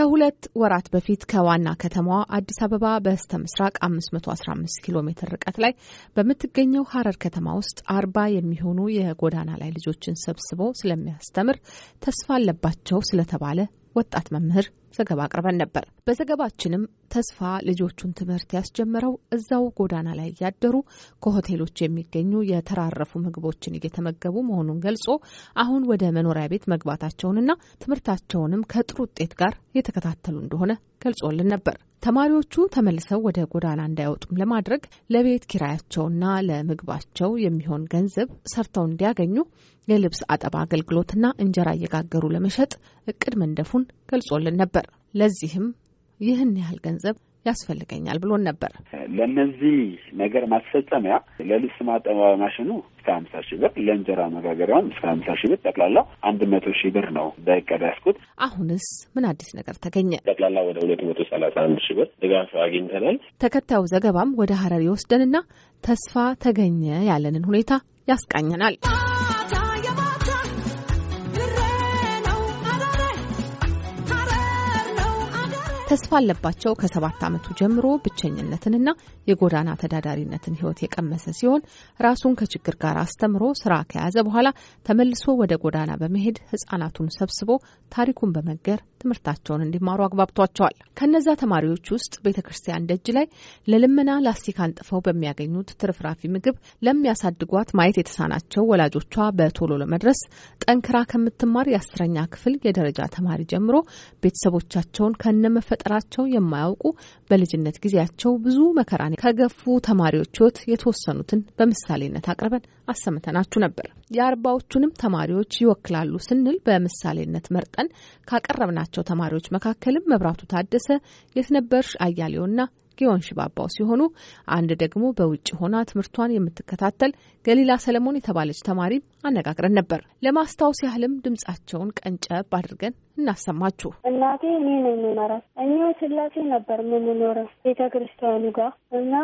ከሁለት ወራት በፊት ከዋና ከተማዋ አዲስ አበባ በስተ ምስራቅ 515 ኪሎ ሜትር ርቀት ላይ በምትገኘው ሀረር ከተማ ውስጥ አርባ የሚሆኑ የጎዳና ላይ ልጆችን ሰብስቦ ስለሚያስተምር ተስፋ አለባቸው ስለተባለ ወጣት መምህር ዘገባ አቅርበን ነበር። በዘገባችንም ተስፋ ልጆቹን ትምህርት ያስጀመረው እዛው ጎዳና ላይ እያደሩ ከሆቴሎች የሚገኙ የተራረፉ ምግቦችን እየተመገቡ መሆኑን ገልጾ አሁን ወደ መኖሪያ ቤት መግባታቸውንና ትምህርታቸውንም ከጥሩ ውጤት ጋር እየተከታተሉ እንደሆነ ገልጾልን ነበር። ተማሪዎቹ ተመልሰው ወደ ጎዳና እንዳይወጡም ለማድረግ ለቤት ኪራያቸውና ለምግባቸው የሚሆን ገንዘብ ሰርተው እንዲያገኙ የልብስ አጠባ አገልግሎትና እንጀራ እየጋገሩ ለመሸጥ እቅድ መንደፉን ገልጾልን ነበር። ለዚህም ይህን ያህል ገንዘብ ያስፈልገኛል ብሎን ነበር። ለእነዚህ ነገር ማስፈጸሚያ ለልብስ ማጠቢያ ማሽኑ እስከ ሀምሳ ሺህ ብር ለእንጀራ መጋገሪያውም እስከ ሀምሳ ሺህ ብር ጠቅላላ አንድ መቶ ሺህ ብር ነው በእቅድ ያስኩት። አሁንስ ምን አዲስ ነገር ተገኘ? ጠቅላላ ወደ ሁለት መቶ ሰላሳ አንድ ሺህ ብር ድጋፍ አግኝተናል። ተከታዩ ዘገባም ወደ ሀረር ይወስደንና ተስፋ ተገኘ ያለንን ሁኔታ ያስቃኘናል። ተስፋ አለባቸው ከሰባት ዓመቱ ጀምሮ ብቸኝነትንና የጎዳና ተዳዳሪነትን ህይወት የቀመሰ ሲሆን ራሱን ከችግር ጋር አስተምሮ ስራ ከያዘ በኋላ ተመልሶ ወደ ጎዳና በመሄድ ህጻናቱን ሰብስቦ ታሪኩን በመገር ትምህርታቸውን እንዲማሩ አግባብቷቸዋል። ከነዛ ተማሪዎች ውስጥ ቤተ ክርስቲያን ደጅ ላይ ለልመና ላስቲክ አንጥፈው በሚያገኙት ትርፍራፊ ምግብ ለሚያሳድጓት ማየት የተሳናቸው ወላጆቿ በቶሎ ለመድረስ ጠንክራ ከምትማር የአስረኛ ክፍል የደረጃ ተማሪ ጀምሮ ቤተሰቦቻቸውን ከነመፈጠራቸው የማያውቁ በልጅነት ጊዜያቸው ብዙ መከራን ከገፉ ተማሪዎች ህይወት የተወሰኑትን በምሳሌነት አቅርበን አሰምተናችሁ ነበር። የአርባዎቹንም ተማሪዎች ይወክላሉ ስንል በምሳሌነት መርጠን ካቀረብናቸው ተማሪዎች መካከልም መብራቱ ታደሰ፣ የትነበርሽ አያሌውና ጊዮን ሽባባው ሲሆኑ አንድ ደግሞ በውጭ ሆና ትምህርቷን የምትከታተል ገሊላ ሰለሞን የተባለች ተማሪም አነጋግረን ነበር። ለማስታወስ ያህልም ድምጻቸውን ቀንጨብ አድርገን እናሰማችሁ። እናቴ እኔ ነው የምመራት። እኛ ስላሴ ነበር የምንኖረው ቤተ ክርስቲያኑ ጋር እና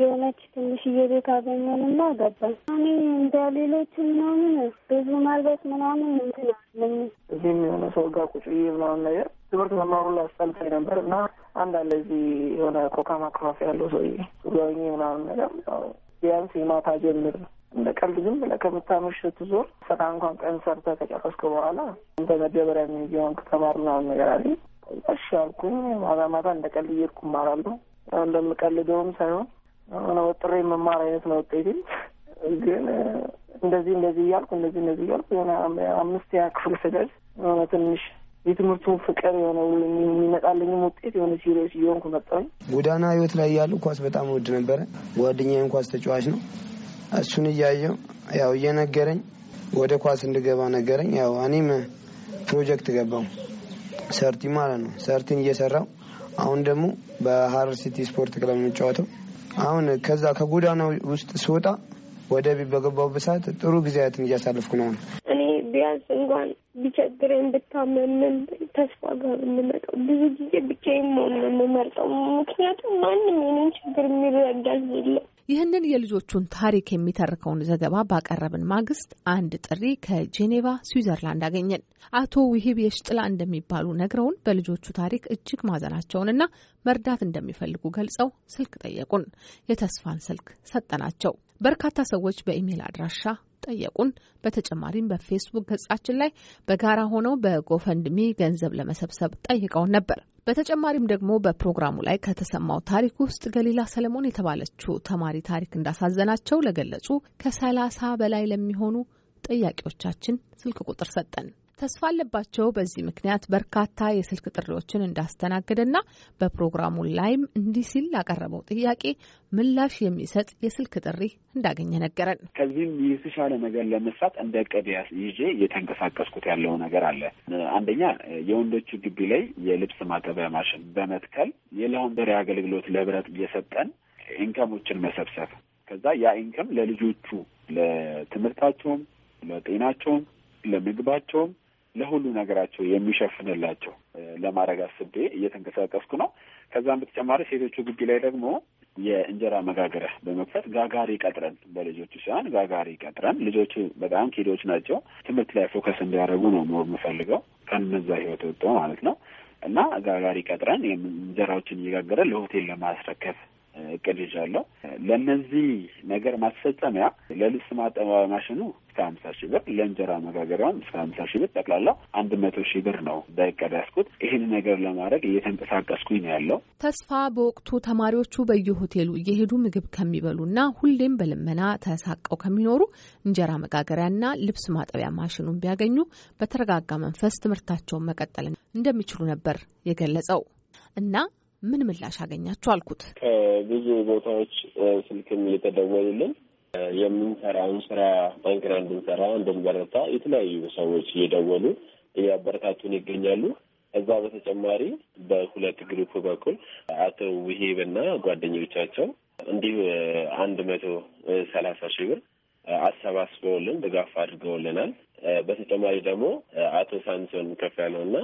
የሆነች ትንሽዬ ቤት አገኘንና ገባን። እኔ እንደ ሌሎች ምናምን ብዙ ማልበት ምናምን እንትን እዚህም የሆነ ሰው ጋር ቁጭ ምናምን ነገር ትምህርት መማሩ ላስጠልታኝ ነበር እና አንድ አለ እዚህ የሆነ ኮካ ካፌ ያለው ሰውዬ ዛኝ ምናምን ነገር ቢያንስ የማታ ጀምር እንደ ቀልድ ዝም ብለህ ከምታመሽ ስትዞር ስራ እንኳን ቀን ሰርተህ ከጨረስክ በኋላ በመደበሪያ የሚሆን ተማር ምናምን ነገር አለ። እሺ አልኩኝ። ማታ ማታ እንደ ቀልድ እየሄድኩ እማራለሁ። እንደምቀልደውም ሳይሆን ሆነ ወጥሬ የመማር አይነት ነው ውጤቴ። ግን እንደዚህ እንደዚህ እያልኩ እንደዚህ እንደዚህ እያልኩ የሆነ አምስት ያ ክፍል ስደርስ የሆነ ትንሽ የትምህርቱን ፍቅር የሆነ የሚመጣልኝም ውጤት የሆነ ሲሪየስ እየሆንኩ መጣሁኝ። ጎዳና ህይወት ላይ ያሉ ኳስ በጣም ውድ ነበረ። ጓደኛዬን ኳስ ተጫዋች ነው። እሱን እያየው ያው እየነገረኝ ወደ ኳስ እንድገባ ነገረኝ። ያው እኔም ፕሮጀክት ገባው ሰርቲ ማለት ነው። ሰርቲን እየሰራው አሁን ደግሞ በሀረር ሲቲ ስፖርት ክለብ የምጫወተው አሁን ከዛ ከጎዳና ውስጥ ስወጣ ወደ ቤት በገባው ብሳት ጥሩ ጊዜያትን እያሳለፍኩ ነው። እኔ ቢያንስ እንኳን ቢቸግረኝ ብታመምን ተስፋ ጋር ብንመጣው ብዙ ጊዜ ብቻዬን መሆን ነው የምመርጠው። ምክንያቱም ማንም የኔን ችግር የሚረዳኝ የለም። ይህንን የልጆቹን ታሪክ የሚተርከውን ዘገባ ባቀረብን ማግስት አንድ ጥሪ ከጄኔቫ ስዊዘርላንድ አገኘን። አቶ ውሂብ የሽጥላ እንደሚባሉ ነግረውን በልጆቹ ታሪክ እጅግ ማዘናቸውንና መርዳት እንደሚፈልጉ ገልጸው ስልክ ጠየቁን። የተስፋን ስልክ ሰጠናቸው። በርካታ ሰዎች በኢሜል አድራሻ ጠየቁን። በተጨማሪም በፌስቡክ ገጻችን ላይ በጋራ ሆነው በጎፈንድሚ ገንዘብ ለመሰብሰብ ጠይቀውን ነበር። በተጨማሪም ደግሞ በፕሮግራሙ ላይ ከተሰማው ታሪክ ውስጥ ገሊላ ሰለሞን የተባለችው ተማሪ ታሪክ እንዳሳዘናቸው ለገለጹ ከሰላሳ በላይ ለሚሆኑ ጠያቂዎቻችን ስልክ ቁጥር ሰጠን። ተስፋ አለባቸው በዚህ ምክንያት በርካታ የስልክ ጥሪዎችን እንዳስተናገደና በፕሮግራሙ ላይም እንዲህ ሲል ላቀረበው ጥያቄ ምላሽ የሚሰጥ የስልክ ጥሪ እንዳገኘ ነገረን። ከዚህም የተሻለ ነገር ለመስራት እንደ ዕቅድ ይዤ እየተንቀሳቀስኩት ያለው ነገር አለ። አንደኛ የወንዶቹ ግቢ ላይ የልብስ ማጠቢያ ማሽን በመትከል የላውንደሪ አገልግሎት ለህብረት እየሰጠን ኢንከሞችን መሰብሰብ ከዛ ያ ኢንከም ለልጆቹ ለትምህርታቸውም፣ ለጤናቸውም፣ ለምግባቸውም ለሁሉ ነገራቸው የሚሸፍንላቸው ለማድረግ አስቤ እየተንቀሳቀስኩ ነው። ከዛም በተጨማሪ ሴቶቹ ግቢ ላይ ደግሞ የእንጀራ መጋገሪያ በመክፈት ጋጋሪ ቀጥረን በልጆቹ ሳይሆን ጋጋሪ ቀጥረን ልጆቹ በጣም ኪዶች ናቸው። ትምህርት ላይ ፎከስ እንዲያደርጉ ነው ኖር የምፈልገው ከነዛ ህይወት ወጥቶ ማለት ነው እና ጋጋሪ ቀጥረን እንጀራዎችን እየጋገረን ለሆቴል ለማስረከብ እቅድ ይዣለሁ። ለእነዚህ ነገር ማስፈጸሚያ ለልብስ ማጠቢያ ማሽኑ እስከ ሀምሳ ሺህ ብር ለእንጀራ መጋገሪያውም እስከ ሀምሳ ሺህ ብር ጠቅላላው አንድ መቶ ሺህ ብር ነው በእቅድ ያስኩት። ይህን ነገር ለማድረግ እየተንቀሳቀስኩኝ ነው ያለው። ተስፋ በወቅቱ ተማሪዎቹ በየሆቴሉ እየሄዱ ምግብ ከሚበሉና ሁሌም በልመና ተሳቀው ከሚኖሩ እንጀራ መጋገሪያና ልብስ ማጠቢያ ማሽኑን ቢያገኙ በተረጋጋ መንፈስ ትምህርታቸውን መቀጠል እንደሚችሉ ነበር የገለጸው እና ምን ምላሽ አገኛችሁ? አልኩት። ከብዙ ቦታዎች ስልክም እየተደወሉልን የምንሰራውን ስራ ጠንክረ እንድንሰራ እንድንበረታ የተለያዩ ሰዎች እየደወሉ እያበረታቱን ይገኛሉ። እዛ በተጨማሪ በሁለት ግሩፕ በኩል አቶ ውሄብና ጓደኞቻቸው እንዲሁ አንድ መቶ ሰላሳ ሺህ ብር አሰባስበውልን ድጋፍ አድርገውልናል። በተጨማሪ ደግሞ አቶ ሳምሶን ያለው እና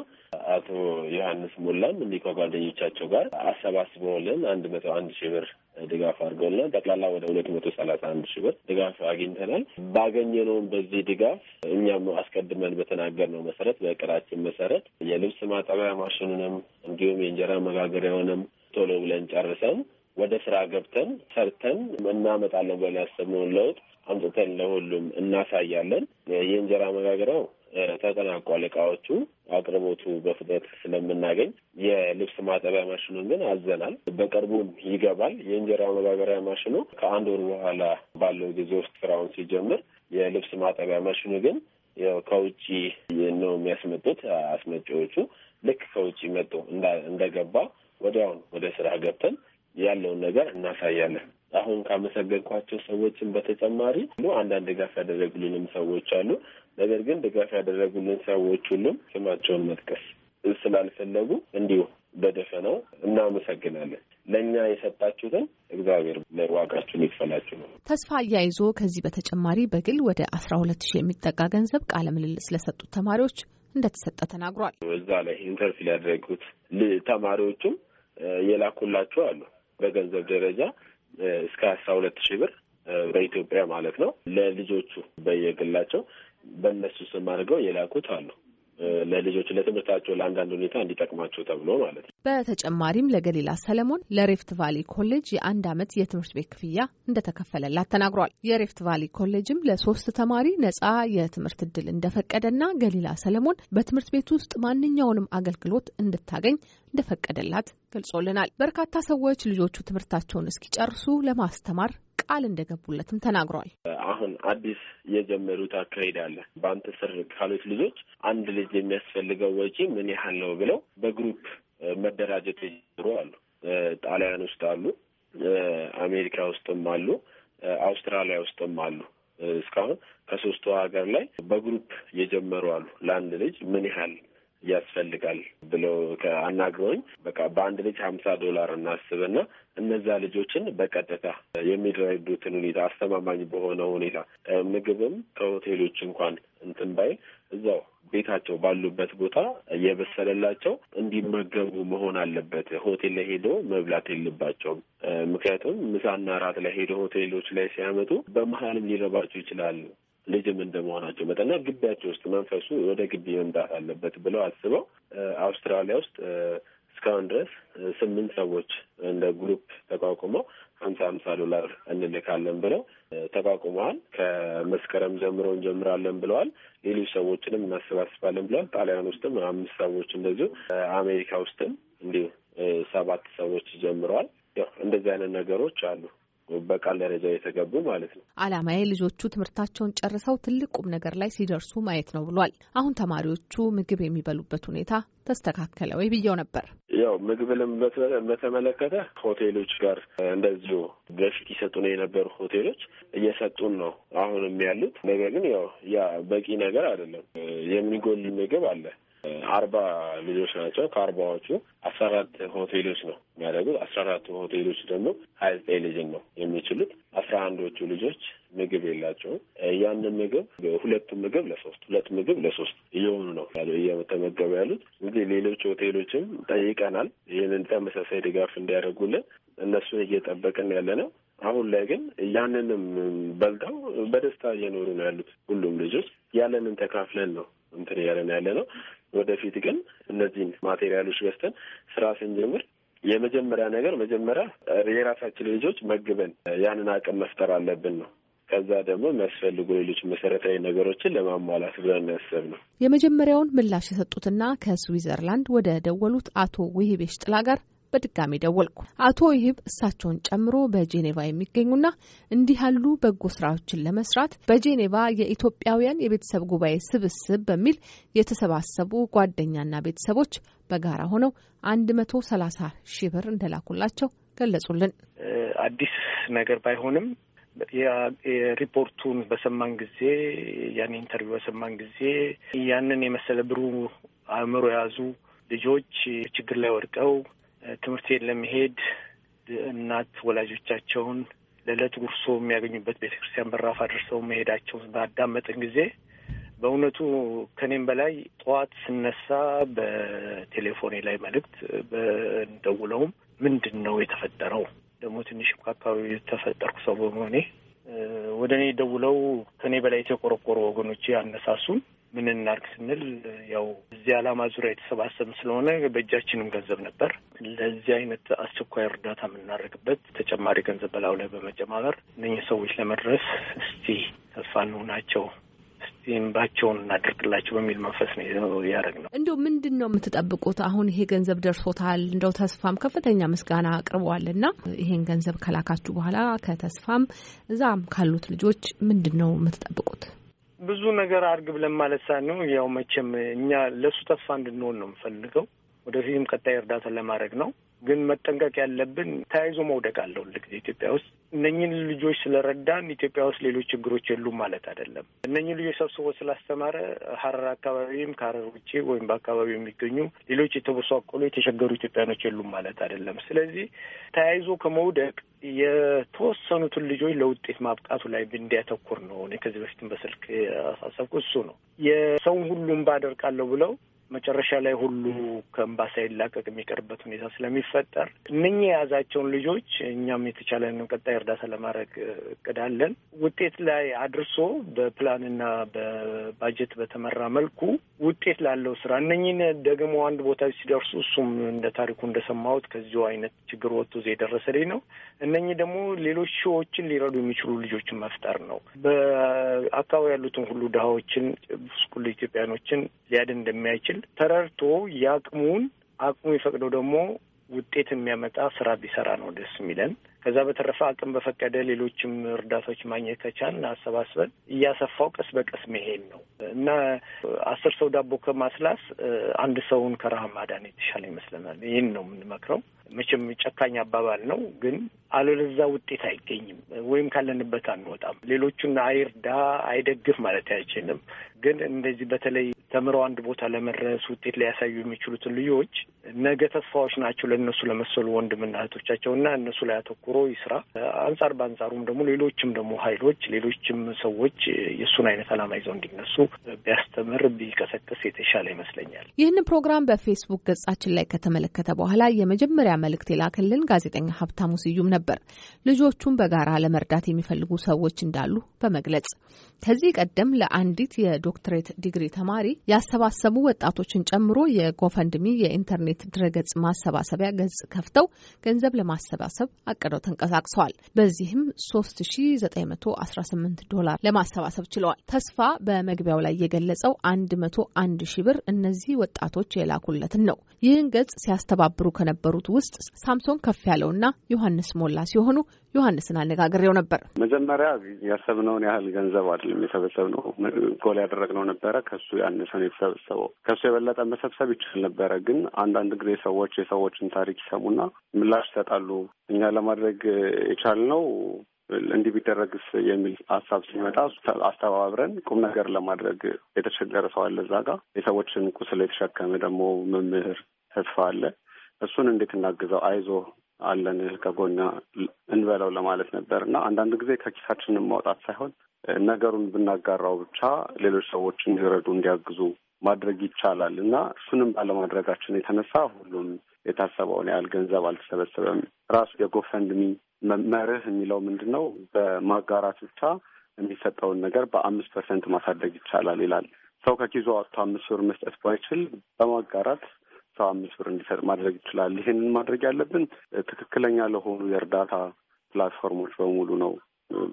አቶ ዮሐንስ ሞላም እንዲህ ከጓደኞቻቸው ጋር አሰባስበውልን አንድ መቶ አንድ ሺህ ብር ድጋፍ አድርገውልናል። ጠቅላላ ወደ ሁለት መቶ ሰላሳ አንድ ሺህ ብር ድጋፍ አግኝተናል። ባገኘነውም በዚህ ድጋፍ እኛም አስቀድመን በተናገርነው መሰረት በእቅዳችን መሰረት የልብስ ማጠቢያ ማሽኑንም እንዲሁም የእንጀራ መጋገሪያውንም ቶሎ ብለን ጨርሰን ወደ ስራ ገብተን ሰርተን እናመጣለን ብለን ያሰብነውን ለውጥ አምጥተን ለሁሉም እናሳያለን። የእንጀራ መጋገሪያው ተጠናቋል። እቃዎቹ አቅርቦቱ በፍጥነት ስለምናገኝ የልብስ ማጠቢያ ማሽኑን ግን አዘናል። በቅርቡም ይገባል። የእንጀራ መጋገሪያ ማሽኑ ከአንድ ወር በኋላ ባለው ጊዜ ውስጥ ስራውን ሲጀምር፣ የልብስ ማጠቢያ ማሽኑ ግን ከውጭ ነው የሚያስመጡት። አስመጪዎቹ ልክ ከውጭ መጡ እንደገባ ወዲያውን ወደ ስራ ገብተን ያለውን ነገር እናሳያለን። አሁን ካመሰገንኳቸው ሰዎችን በተጨማሪ አንዳንድ ድጋፍ ያደረጉልንም ሰዎች አሉ። ነገር ግን ድጋፍ ያደረጉልን ሰዎች ሁሉም ስማቸውን መጥቀስ ስላልፈለጉ እንዲሁ በደፈነው እናመሰግናለን። ለእኛ የሰጣችሁትን እግዚአብሔር ዋጋችሁን ይክፈላችሁ ነው። ተስፋ አያይዞ ከዚህ በተጨማሪ በግል ወደ አስራ ሁለት ሺህ የሚጠጋ ገንዘብ ቃለ ምልልስ ለሰጡት ተማሪዎች እንደተሰጠ ተናግሯል። እዛ ላይ ኢንተርቪው ያደረጉት ተማሪዎቹም የላኩላቸው አሉ በገንዘብ ደረጃ እስከ አስራ ሁለት ሺህ ብር በኢትዮጵያ ማለት ነው ለልጆቹ በየግላቸው በእነሱ ስም አድርገው የላኩት አሉ። ለልጆች ለትምህርታቸው ለአንዳንድ ሁኔታ እንዲጠቅማቸው ተብሎ ማለት ነው። በተጨማሪም ለገሊላ ሰለሞን ለሬፍት ቫሊ ኮሌጅ የአንድ ዓመት የትምህርት ቤት ክፍያ እንደተከፈለላት ተናግሯል። የሬፍት ቫሊ ኮሌጅም ለሶስት ተማሪ ነጻ የትምህርት እድል እንደፈቀደና ገሊላ ሰለሞን በትምህርት ቤት ውስጥ ማንኛውንም አገልግሎት እንድታገኝ እንደፈቀደላት ገልጾልናል። በርካታ ሰዎች ልጆቹ ትምህርታቸውን እስኪጨርሱ ለማስተማር ቃል እንደገቡለትም ተናግሯል። አሁን አዲስ የጀመሩት አካሄድ አለ። በአንተ ስር ካሉት ልጆች አንድ ልጅ የሚያስፈልገው ወጪ ምን ያህል ነው ብለው በግሩፕ መደራጀት የጀመሩ አሉ። ጣሊያን ውስጥ አሉ፣ አሜሪካ ውስጥም አሉ፣ አውስትራሊያ ውስጥም አሉ። እስካሁን ከሶስቱ ሀገር ላይ በግሩፕ የጀመሩ አሉ። ለአንድ ልጅ ምን ያህል ያስፈልጋል ብለው አናግረውኝ በቃ በአንድ ልጅ ሀምሳ ዶላር እናስብና እነዛ ልጆችን በቀጥታ የሚረዱትን ሁኔታ አስተማማኝ በሆነ ሁኔታ ምግብም ከሆቴሎች እንኳን እንትን ባይ እዛው ቤታቸው ባሉበት ቦታ እየበሰለላቸው እንዲመገቡ መሆን አለበት። ሆቴል ላይ ሄዶ መብላት የለባቸውም። ምክንያቱም ምሳና ራት ላይ ሄዶ ሆቴሎች ላይ ሲያመጡ በመሀልም ሊረባቸው ይችላሉ። ልጅም እንደመሆናቸው መጠና ግቢያቸው ውስጥ መንፈሱ ወደ ግቢ መምጣት አለበት ብለው አስበው አውስትራሊያ ውስጥ እስካሁን ድረስ ስምንት ሰዎች እንደ ግሩፕ ተቋቁመው ሀምሳ ሀምሳ ዶላር እንልካለን ብለው ተቋቁመዋል። ከመስከረም ጀምሮ እንጀምራለን ብለዋል። ሌሎች ሰዎችንም እናሰባስባለን ብለዋል። ጣሊያን ውስጥም አምስት ሰዎች እንደዚሁ፣ አሜሪካ ውስጥም እንዲሁ ሰባት ሰዎች ጀምረዋል። ያው እንደዚህ አይነት ነገሮች አሉ። በቃል ደረጃ የተገቡ ማለት ነው። አላማዬ ልጆቹ ትምህርታቸውን ጨርሰው ትልቅ ቁም ነገር ላይ ሲደርሱ ማየት ነው ብሏል። አሁን ተማሪዎቹ ምግብ የሚበሉበት ሁኔታ ተስተካከለ ወይ ብየው ነበር። ያው ምግብንም በተመለከተ ሆቴሎች ጋር እንደዚሁ በፊት ነው የነበሩ ሆቴሎች እየሰጡን ነው አሁንም ያሉት። ነገር ግን ያው ያ በቂ ነገር አይደለም። የሚጎል ምግብ አለ አርባ ልጆች ናቸው። ከአርባዎቹ አስራ አራት ሆቴሎች ነው የሚያደርጉት። አስራ አራቱ ሆቴሎች ደግሞ ሀያ ዘጠኝ ልጅን ነው የሚችሉት። አስራ አንዶቹ ልጆች ምግብ የላቸውም። ያንን ምግብ ሁለቱ ምግብ ለሶስት ሁለት ምግብ ለሶስት እየሆኑ ነው እየተመገቡ ያሉት። እንግዲህ ሌሎች ሆቴሎችም ጠይቀናል ይህንን ተመሳሳይ ድጋፍ እንዲያደርጉልን እነሱን እየጠበቅን ያለ ነው። አሁን ላይ ግን ያንንም በልተው በደስታ እየኖሩ ነው ያሉት ሁሉም ልጆች ያለንን ተካፍለን ነው እንትን እያለን ያለ ነው። ወደፊት ግን እነዚህን ማቴሪያሎች ገዝተን ስራ ስንጀምር የመጀመሪያ ነገር መጀመሪያ የራሳችን ልጆች መግበን ያንን አቅም መፍጠር አለብን ነው። ከዛ ደግሞ የሚያስፈልጉ ሌሎች መሰረታዊ ነገሮችን ለማሟላት ብለን ያሰብ ነው። የመጀመሪያውን ምላሽ የሰጡትና ከስዊዘርላንድ ወደ ደወሉት አቶ ውህቤሽ ጥላ ጋር በድጋሚ ደወልኩ። አቶ ይህብ እሳቸውን ጨምሮ በጄኔቫ የሚገኙና እንዲህ ያሉ በጎ ስራዎችን ለመስራት በጄኔቫ የኢትዮጵያውያን የቤተሰብ ጉባኤ ስብስብ በሚል የተሰባሰቡ ጓደኛና ቤተሰቦች በጋራ ሆነው አንድ መቶ ሰላሳ ሺህ ብር እንደላኩላቸው ገለጹልን። አዲስ ነገር ባይሆንም የሪፖርቱን በሰማን ጊዜ ያን ኢንተርቪው በሰማን ጊዜ ያንን የመሰለ ብሩ አእምሮ የያዙ ልጆች ችግር ላይ ወድቀው ትምህርት ቤት ለመሄድ እናት ወላጆቻቸውን ለዕለት ጉርሶ የሚያገኙበት ቤተ ክርስቲያን በራፍ አድርሰው መሄዳቸውን ባዳመጥን ጊዜ በእውነቱ ከኔም በላይ ጠዋት ስነሳ በቴሌፎኔ ላይ መልእክት በደውለውም ምንድን ነው የተፈጠረው? ደግሞ ትንሽ ከአካባቢ የተፈጠርኩ ሰው በመሆኔ ወደ እኔ ደውለው ከኔ በላይ የተቆረቆሩ ወገኖቼ አነሳሱን። ምን እናርግ ስንል ያው እዚህ ዓላማ ዙሪያ የተሰባሰብን ስለሆነ በእጃችንም ገንዘብ ነበር። ለዚህ አይነት አስቸኳይ እርዳታ የምናደርግበት ተጨማሪ ገንዘብ በላዩ ላይ በመጨማበር እነኝህ ሰዎች ለመድረስ እስቲ ተስፋ እንሆናቸው እንባቸውን እናደርግላቸው በሚል መንፈስ ነው ነው። እንደው ምንድን ነው የምትጠብቁት? አሁን ይሄ ገንዘብ ደርሶታል። እንደው ተስፋም ከፍተኛ ምስጋና አቅርበዋል እና ይሄን ገንዘብ ከላካችሁ በኋላ ከተስፋም እዛም ካሉት ልጆች ምንድን ነው የምትጠብቁት? ብዙ ነገር አድርግ ብለን ማለት ሳይሆን ያው መቼም እኛ ለእሱ ተስፋ እንድንሆን ነው የምፈልገው። ወደፊትም ቀጣይ እርዳታ ለማድረግ ነው ግን መጠንቀቅ ያለብን ተያይዞ መውደቅ አለው ሁል ኢትዮጵያ ውስጥ እነኝን ልጆች ስለረዳን ኢትዮጵያ ውስጥ ሌሎች ችግሮች የሉም ማለት አይደለም። እነኝን ልጆች ሰብስቦ ስላስተማረ ሀረር አካባቢም ከሀረር ውጭ ወይም በአካባቢው የሚገኙ ሌሎች የተበሳቆሉ የተቸገሩ ኢትዮጵያኖች የሉም ማለት አይደለም። ስለዚህ ተያይዞ ከመውደቅ የተወሰኑትን ልጆች ለውጤት ማብቃቱ ላይ እንዲያተኩር ነው። እኔ ከዚህ በፊትም በስልክ ያሳሰብኩ እሱ ነው። የሰውን ሁሉም ባደርቃለሁ ብለው መጨረሻ ላይ ሁሉ ከእምባ ሳይላቀቅ የሚቀርበት ሁኔታ ስለሚፈጠር እነኚህ የያዛቸውን ልጆች እኛም የተቻለንን ቀጣይ እርዳታ ለማድረግ እቅዳለን። ውጤት ላይ አድርሶ በፕላንና በባጀት በተመራ መልኩ ውጤት ላለው ስራ እነኝን ደግሞ አንድ ቦታ ሲደርሱ እሱም እንደ ታሪኩ እንደሰማሁት ከዚሁ አይነት ችግር ወጥቶ እዚያ የደረሰ ልጅ ነው። እነኚህ ደግሞ ሌሎች ሺዎችን ሊረዱ የሚችሉ ልጆችን መፍጠር ነው። በአካባቢ ያሉትን ሁሉ ድሃዎችን፣ ጉስቁል ኢትዮጵያኖችን ሊያድን እንደሚያይችል ኃይል ተረድቶ የአቅሙን አቅሙ የፈቅደው ደግሞ ውጤት የሚያመጣ ስራ ቢሰራ ነው ደስ የሚለን። ከዛ በተረፈ አቅም በፈቀደ ሌሎችም እርዳታዎች ማግኘት ከቻልን አሰባስበን እያሰፋው ቀስ በቀስ መሄድ ነው እና አስር ሰው ዳቦ ከማስላስ አንድ ሰውን ከረሃ ማዳን የተሻለ ይመስለናል። ይህን ነው የምንመክረው። መቼም ጨካኝ አባባል ነው፣ ግን አለለዛ ውጤት አይገኝም ወይም ካለንበት አንወጣም። ሌሎቹን አይርዳ አይደግፍ ማለት አይችልም። ግን እንደዚህ በተለይ ተምረው አንድ ቦታ ለመድረስ ውጤት ሊያሳዩ የሚችሉትን ልጆች ነገ ተስፋዎች ናቸው ለእነሱ ለመሰሉ ወንድምና እና እነሱ ላይ አተኩ አተኩሮ ይስራ። አንጻር በአንጻሩም ደግሞ ሌሎችም ደግሞ ሀይሎች ሌሎችም ሰዎች የእሱን አይነት አላማ ይዘው እንዲነሱ ቢያስተምር ቢቀሰቅስ የተሻለ ይመስለኛል። ይህንን ፕሮግራም በፌስቡክ ገጻችን ላይ ከተመለከተ በኋላ የመጀመሪያ መልእክት የላከልን ጋዜጠኛ ሀብታሙ ስዩም ነበር። ልጆቹን በጋራ ለመርዳት የሚፈልጉ ሰዎች እንዳሉ በመግለጽ ከዚህ ቀደም ለአንዲት የዶክትሬት ዲግሪ ተማሪ ያሰባሰቡ ወጣቶችን ጨምሮ የጎፈንድሚ የኢንተርኔት ድረገጽ ማሰባሰቢያ ገጽ ከፍተው ገንዘብ ለማሰባሰብ አቅደው ተመልሰው ተንቀሳቅሰዋል። በዚህም 3918 ዶላር ለማሰባሰብ ችለዋል። ተስፋ በመግቢያው ላይ የገለጸው 101 ሺ ብር እነዚህ ወጣቶች የላኩለትን ነው። ይህን ገጽ ሲያስተባብሩ ከነበሩት ውስጥ ሳምሶን ከፍ ያለውና ዮሐንስ ሞላ ሲሆኑ ዮሐንስን አነጋግሬው ነበር። መጀመሪያ ያሰብነውን ያህል ገንዘብ አይደለም የሰበሰብነው፣ ጎል ያደረግነው ነበረ። ከሱ ያነሰ ነው የተሰበሰበው። ከሱ የበለጠ መሰብሰብ ይችል ነበረ። ግን አንዳንድ ጊዜ ሰዎች የሰዎችን ታሪክ ይሰሙና ምላሽ ይሰጣሉ። እኛ ለማድረግ የቻልነው እንዲህ ቢደረግስ የሚል ሀሳብ ሲመጣ አስተባብረን ቁም ነገር ለማድረግ የተቸገረ ሰው አለ እዛ ጋር የሰዎችን ቁስል የተሸከመ ደግሞ መምህር ተስፋ አለ። እሱን እንዴት እናግዘው አይዞ አለን ከጎን እንበለው ለማለት ነበር እና አንዳንድ ጊዜ ከኪሳችን ማውጣት ሳይሆን ነገሩን ብናጋራው ብቻ ሌሎች ሰዎች እንዲረዱ እንዲያግዙ ማድረግ ይቻላል እና እሱንም ባለማድረጋችን የተነሳ ሁሉም የታሰበውን ያህል ገንዘብ አልተሰበሰበም። ራሱ የጎፈንድሚ መርህ የሚለው ምንድን ነው? በማጋራት ብቻ የሚሰጠውን ነገር በአምስት ፐርሰንት ማሳደግ ይቻላል ይላል። ሰው ከኪዞ አውጥቶ አምስት ብር መስጠት ባይችል በማጋራት ሰው አምስት ብር እንዲሰጥ ማድረግ ይችላል። ይህንን ማድረግ ያለብን ትክክለኛ ለሆኑ የእርዳታ ፕላትፎርሞች በሙሉ ነው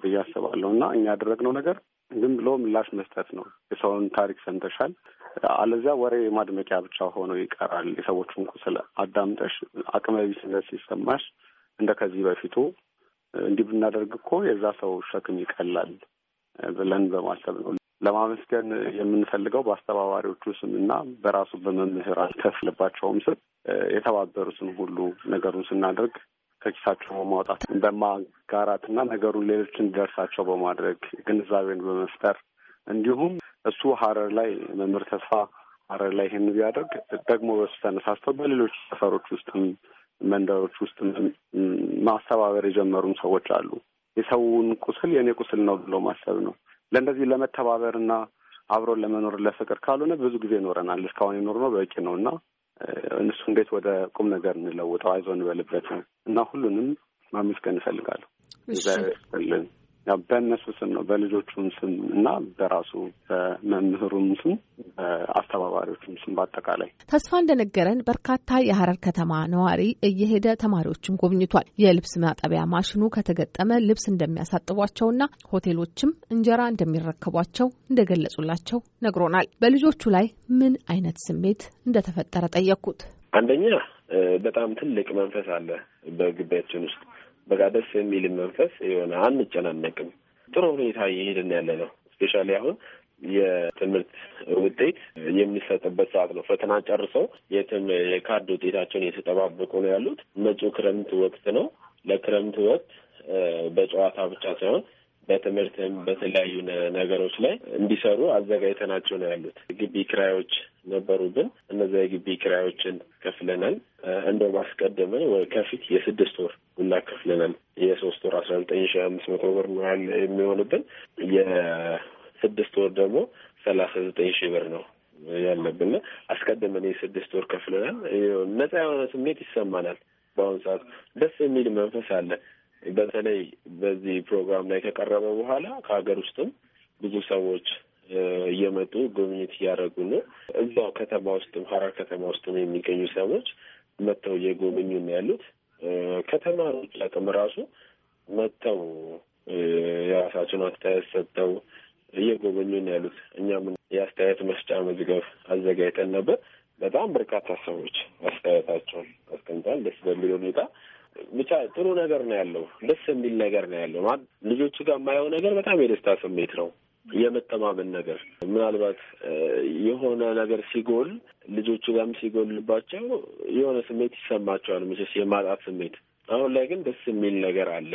ብዬ አስባለሁ እና እኛ ያደረግነው ነገር ዝም ብሎ ምላሽ መስጠት ነው። የሰውን ታሪክ ሰምተሻል፣ አለዚያ ወሬ ማድመቂያ ብቻ ሆኖ ይቀራል። የሰዎችን ቁስል አዳምጠሽ አቅመ ቢስነት ሲሰማሽ እንደ ከዚህ በፊቱ እንዲህ ብናደርግ እኮ የዛ ሰው ሸክም ይቀላል ብለን በማሰብ ነው። ለማመስገን የምንፈልገው በአስተባባሪዎቹ ስምና በራሱ በመምህራን ከፍልባቸውም ስም የተባበሩትን ሁሉ ነገሩን ስናደርግ ከኪሳቸው በማውጣት በማጋራትና ነገሩን ሌሎች እንዲደርሳቸው በማድረግ ግንዛቤን በመፍጠር እንዲሁም እሱ ሀረር ላይ መምህር ተስፋ ሀረር ላይ ይህን ቢያደርግ ደግሞ በሱ ተነሳስተው በሌሎች ሰፈሮች ውስጥም መንደሮች ውስጥ ማስተባበር የጀመሩም ሰዎች አሉ። የሰውን ቁስል የእኔ ቁስል ነው ብሎ ማሰብ ነው። ለእንደዚህ ለመተባበር ለመተባበርና አብሮን ለመኖር ለፍቅር ካልሆነ ብዙ ጊዜ ይኖረናል። እስካሁን የኖርነው በቂ ነው እና እነሱ እንዴት ወደ ቁም ነገር እንለውጠው፣ አይዞ እንበልበት እና ሁሉንም ማመስገን እፈልጋለሁ። በእነሱ ስም ነው በልጆቹም ስም እና በራሱ በመምህሩም ስም አስተባባሪዎችም ስም በአጠቃላይ ተስፋ እንደነገረን በርካታ የሀረር ከተማ ነዋሪ እየሄደ ተማሪዎችን ጎብኝቷል። የልብስ ማጠቢያ ማሽኑ ከተገጠመ ልብስ እንደሚያሳጥቧቸውና ሆቴሎችም እንጀራ እንደሚረከቧቸው እንደገለጹላቸው ነግሮናል። በልጆቹ ላይ ምን አይነት ስሜት እንደተፈጠረ ጠየቅኩት። አንደኛ በጣም ትልቅ መንፈስ አለ በግቢያችን ውስጥ በቃ ደስ የሚል መንፈስ የሆነ አንጨናነቅም ጥሩ ሁኔታ እየሄድን ያለ ነው። ስፔሻሊ አሁን የትምህርት ውጤት የሚሰጥበት ሰዓት ነው። ፈተና ጨርሰው የካርድ ውጤታቸውን የተጠባበቁ ነው ያሉት። መጪው ክረምት ወቅት ነው። ለክረምት ወቅት በጨዋታ ብቻ ሳይሆን በትምህርትም በተለያዩ ነገሮች ላይ እንዲሰሩ አዘጋጅተናቸው ነው ያሉት። ግቢ ክራዮች ነበሩብን። እነዚያ የግቢ ክራዮችን ከፍለናል። እንደ ማስቀደመ ከፊት የስድስት ወር ሁላ ከፍለናል። የሶስት ወር አስራ ዘጠኝ ሺ አምስት መቶ ብር ነው የሚሆንብን ስድስት ወር ደግሞ ሰላሳ ዘጠኝ ሺህ ብር ነው ያለብን። አስቀድመን የስድስት ወር ከፍለናል። ነጻ የሆነ ስሜት ይሰማናል። በአሁኑ ሰዓት ደስ የሚል መንፈስ አለ። በተለይ በዚህ ፕሮግራም ላይ ከቀረበ በኋላ ከሀገር ውስጥም ብዙ ሰዎች እየመጡ ጉብኝት እያደረጉ ነው። እዛው ከተማ ውስጥም ሀረር ከተማ ውስጥም የሚገኙ ሰዎች መጥተው እየጎበኙ ነው ያሉት። ከተማ ከተማሪዎች አቅም ራሱ መጥተው የራሳቸውን አስተያየት ሰጥተው እየጎበኙን ያሉት። እኛም የአስተያየት መስጫ መዝገብ አዘጋጅተን ነበር። በጣም በርካታ ሰዎች አስተያየታቸውን አስቀምጠዋል። ደስ በሚል ሁኔታ ብቻ ጥሩ ነገር ነው ያለው። ደስ የሚል ነገር ነው ያለው። ልጆቹ ጋር የማየው ነገር በጣም የደስታ ስሜት ነው፣ የመጠማመን ነገር። ምናልባት የሆነ ነገር ሲጎል ልጆቹ ጋርም ሲጎልባቸው የሆነ ስሜት ይሰማቸዋል፣ ምስስ የማጣት ስሜት። አሁን ላይ ግን ደስ የሚል ነገር አለ።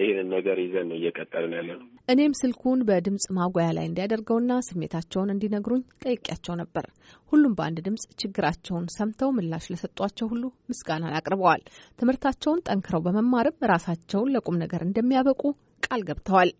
ይህንን ነገር ይዘን ነው እየቀጠልን ያለ ነው። እኔም ስልኩን በድምፅ ማጓያ ላይ እንዲያደርገውና ስሜታቸውን እንዲነግሩኝ ጠይቄያቸው ነበር። ሁሉም በአንድ ድምፅ ችግራቸውን ሰምተው ምላሽ ለሰጧቸው ሁሉ ምስጋናን አቅርበዋል። ትምህርታቸውን ጠንክረው በመማርም ራሳቸውን ለቁም ነገር እንደሚያበቁ ቃል ገብተዋል።